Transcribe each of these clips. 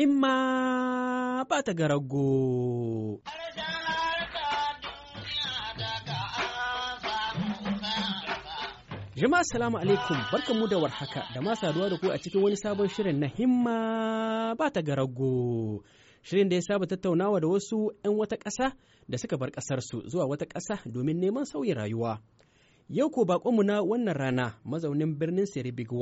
himma ba ta garago. Jama'a salamu alaikum barkanmu da warhaka da ma saduwa da ku a cikin wani sabon shirin na himma ba ta garago. Shirin da ya saba tattaunawa da wasu 'yan wata ƙasa da suka bar ƙasarsu zuwa wata ƙasa domin neman sauyin rayuwa. Yau ko baƙonmu na wannan rana mazaunin birnin Seribig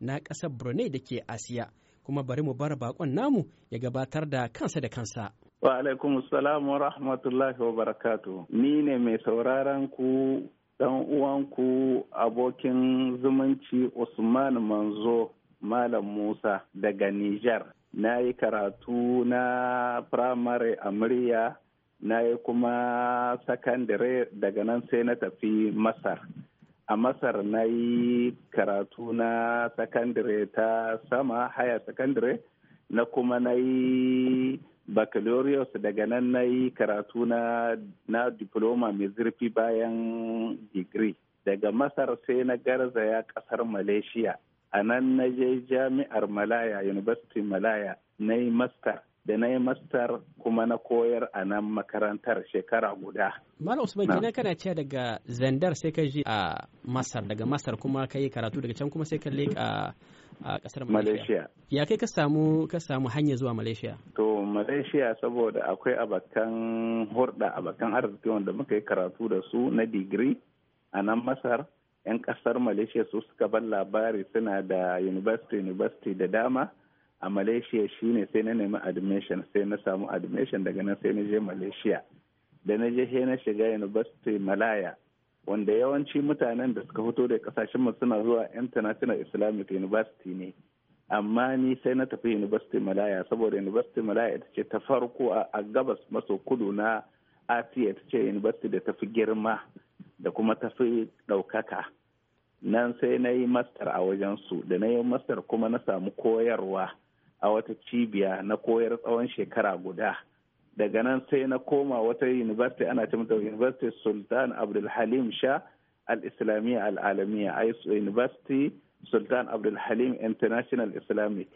na ƙasar Brunei da ke Asiya. kuma bari mu bar bakon namu ya gabatar da kansa da kansa. Wa alaikum salam rahmatullahi wa barakatu. Ni ne mai sauraron ku dan uwanku abokin zumunci Usman Manzo Malam Musa daga Nijar. Na yi karatu na firamare a murya na yi kuma sakandare daga nan sai na tafi Masar. a masar na yi karatu na sakandare ta sama haya sakandare na kuma na yi baccalaureus daga nan na yi karatu na, na diploma mai zurfi bayan digiri daga masar sai na garzaya kasar malaysia a nan na je jami'ar malaya university malaya na yi master da na yi mastar kuma na koyar a nan makarantar shekara guda. Malam Usman na kana cewa daga Zandar sai ka je a Masar daga Masar kuma ka yi karatu daga can kuma sai ka leka a kasar Malaysia. Ya kai ka samu ka zuwa Malaysia? To Malaysia saboda akwai abakan hurɗa abakan arziki wanda muka yi karatu da su na digiri a nan Masar. 'Yan kasar Malaysia su suka ban labari suna da university university da dama. a malaysia shine sai na nemi admission sai na samu admission daga nan sai na je malaysia da na je na shiga university malaya wanda yawanci mutanen da suka fito da kasashen mu suna zuwa international islamic university ne amma ni sai na tafi university malaya saboda university malaya ita ce ta farko a gabas maso kudu na asiya ita ce university da tafi girma da kuma tafi ɗaukaka nan sai na yi master a wajensu da na yi master kuma na samu koyarwa a wata cibiya na koyar tsawon shekara guda daga nan sai na koma wata university ana ce mata university sultan abdulhalim sha al-islamiyya al-alamiyya university sultan abdulhalim international islamic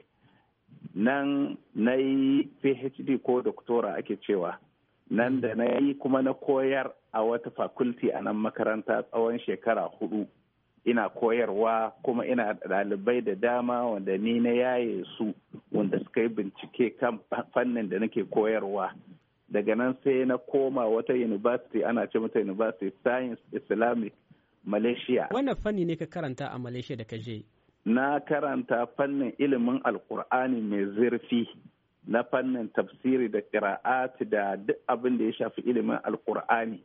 nan na yi phd ko doktora ake cewa nan da na yi kuma na koyar a wata faculty a nan makaranta tsawon shekara hudu ina koyarwa kuma ina ɗalibai da dama wanda ni na yaye su suka yi bincike kan fannin da nake koyarwa daga nan sai na koma wata university ana ce mata university science islamic malaysia wannan fanni ne ka karanta a malaysia da ka je na karanta fannin ilimin alkur'ani mai zurfi na fannin tafsiri da kira'at da duk abin da ya shafi ilimin alkur'ani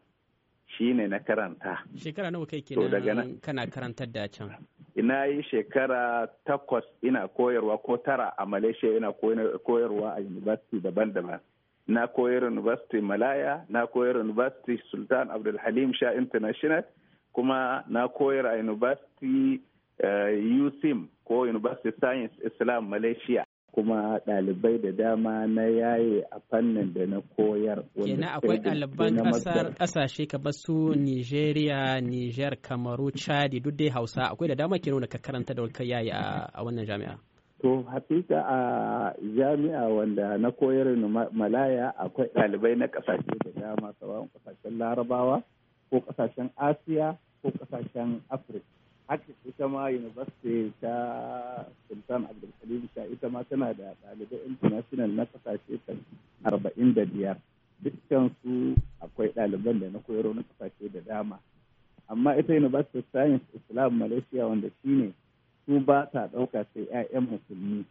shi ne na karanta. Shekara nawa kai kenan kana karantar da can? Ina yi shekara takwas ina koyarwa ko tara a Malaysia ina koyarwa a university daban-daban. Na koyar university Malaya, na koyar university Sultan Abdulhalim Shah International, kuma na koyar a university eh, USIM ko University Science Islam Malaysia. kuma ɗalibai da dama na yaye a fannin da na koyar. Kenan akwai ɗaliban ƙasashe ka ba su Nigeria, Niger, Kamaru, Chadi duk dai Hausa akwai da dama ke nuna ka karanta da ka yaye a wannan jami'a. To hakika a jami'a wanda na koyar malaya akwai ɗalibai na ƙasashe da dama, sawan ƙasashen Larabawa ko ƙasashen Asiya ko ƙasashen Afirka. haka ita ma university ta sultan abdulkalim sha ita ma tana da ɗalibai international na kasashe arba'in da biyar dukkan su akwai ɗaliban da na koyarwa na kasashe da dama amma ita university of science islam malaysia wanda shine su ba ta ɗauka sai 'ya'yan musulmi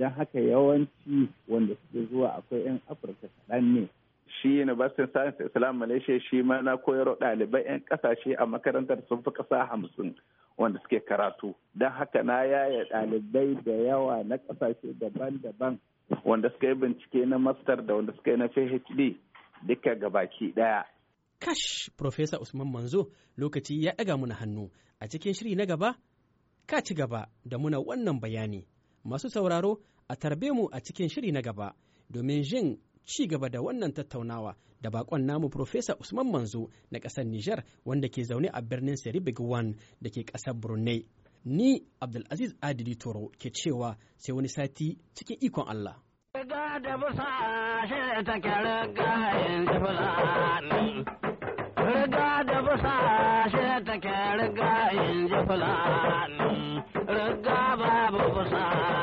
don haka yawanci wanda suke zuwa akwai 'yan afirka kaɗan ne shi University of Science Islam Malaysia shi ma na koyarwa ɗalibai 'yan ƙasashe a makarantar sun fi ƙasa hamsin wanda suke karatu don haka na yaya ɗalibai da yawa na ƙasashe daban-daban wanda suka yi bincike na master da wanda suka yi na phd duka gabaki ɗaya kash Profesa Usman Manzo lokaci ya ɗaga muna hannu a cikin shiri na gaba ka ci gaba da muna wannan bayani masu sauraro a tarbe mu a cikin shiri na gaba domin jin ci gaba da wannan tattaunawa da bakon namu Profesa Usman Manzo na ƙasar Nijar wanda ke zaune a birnin Seribigwan da ke ƙasar Brunei. Ni Abdulaziz Adili Toro ke cewa sai wani sati cikin ikon Allah. Riga da busa shi take riga Riga da busa shi take riga Riga babu busa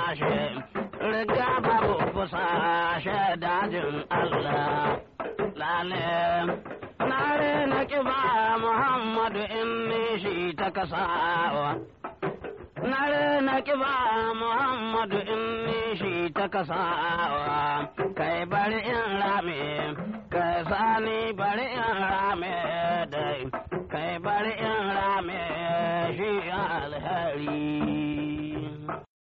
ba Muhammadu in ne shi ta kasawa. Nare na kiba Muhammadu in shi ta kai bari in rame, kai sani bari in dai, kai bari in shi